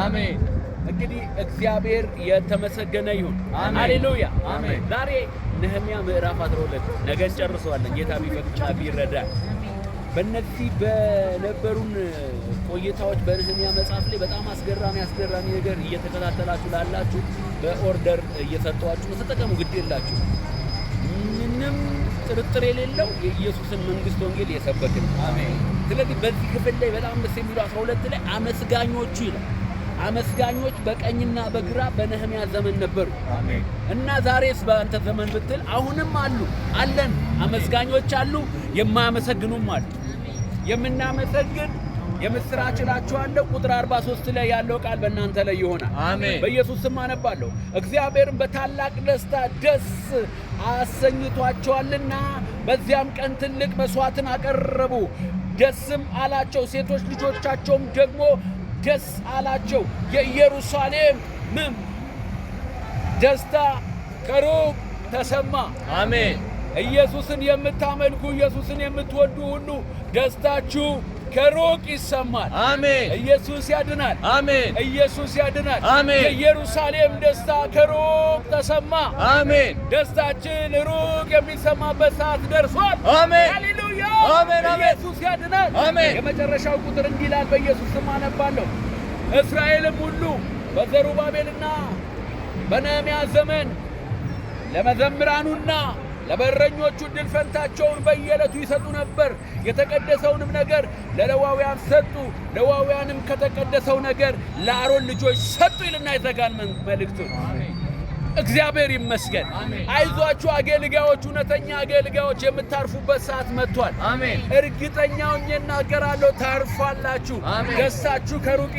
አሜን። እንግዲህ እግዚአብሔር የተመሰገነ ይሁን። ሃሌሉያ አሜን። ዛሬ ነህምያ ምዕራፍ 12 ነገ እንጨርሰዋለን። ጌታ ቢፈቅድ ቢረዳን። በእነዚህ በነበሩን ቆይታዎች በነህምያ መጽሐፍ ላይ በጣም አስገራሚ አስገራሚ ነገር እየተከታተላችሁ ላላችሁ በኦርደር እየሰጠዋችሁ ተጠቀሙ፣ ግድ የላችሁ ምንም ጥርጥር የሌለው የኢየሱስን መንግስት ወንጌል የሰበክን አሜን ስለዚህ በዚህ ክፍል ላይ በጣም ደስ የሚለው 12 ላይ አመስጋኞቹ ይላል። አመስጋኞች በቀኝና በግራ በነህሚያ ዘመን ነበሩ እና ዛሬስ በአንተ ዘመን ብትል አሁንም አሉ አለን። አመስጋኞች አሉ፣ የማያመሰግኑም አሉ። የምናመሰግን የምስራች እላችኋለሁ። ቁጥር 43 ላይ ያለው ቃል በእናንተ ላይ ይሆናል። አሜን። በኢየሱስ ስም አነባለሁ። እግዚአብሔርን በታላቅ ደስታ ደስ አሰኝቷቸዋልና በዚያም ቀን ትልቅ መስዋዕትን አቀረቡ። ደስም አላቸው። ሴቶች ልጆቻቸውም ደግሞ ደስ አላቸው። የኢየሩሳሌም ምም ደስታ ከሩቅ ተሰማ። አሜን። ኢየሱስን የምታመልኩ ኢየሱስን የምትወዱ ሁሉ ደስታችሁ ከሩቅ ይሰማል። አሜን። ኢየሱስ ያድናል። አሜን። ኢየሱስ ያድናል። አሜን። የኢየሩሳሌም ደስታ ከሩቅ ተሰማ። አሜን። ደስታችን ሩቅ የሚሰማበት ሰዓት ደርሷል። አሜን። ኢየሱስ ያድናል። የመጨረሻው ቁጥር እንዲህ ይላል፣ በኢየሱስ ስም አነባለሁ። እስራኤልም ሁሉ በዘሩባቤልና በነህምያ ዘመን ለመዘምራኑና ለበረኞቹ ዕድል ፈንታቸውን በየዕለቱ ይሰጡ ነበር። የተቀደሰውንም ነገር ለሌዋውያን ሰጡ። ሌዋውያንም ከተቀደሰው ነገር ለአሮን ልጆች ሰጡ ይልና ይዘጋል መልእክቱ። እግዚአብሔር ይመስገን። አይዟችሁ አገልጋዮች፣ እውነተኛ አገልጋዮች የምታርፉበት ሰዓት መጥቷል። እርግጠኛውን እናገራለሁ፣ ታርፋላችሁ። ደስታችሁ ከሩቅ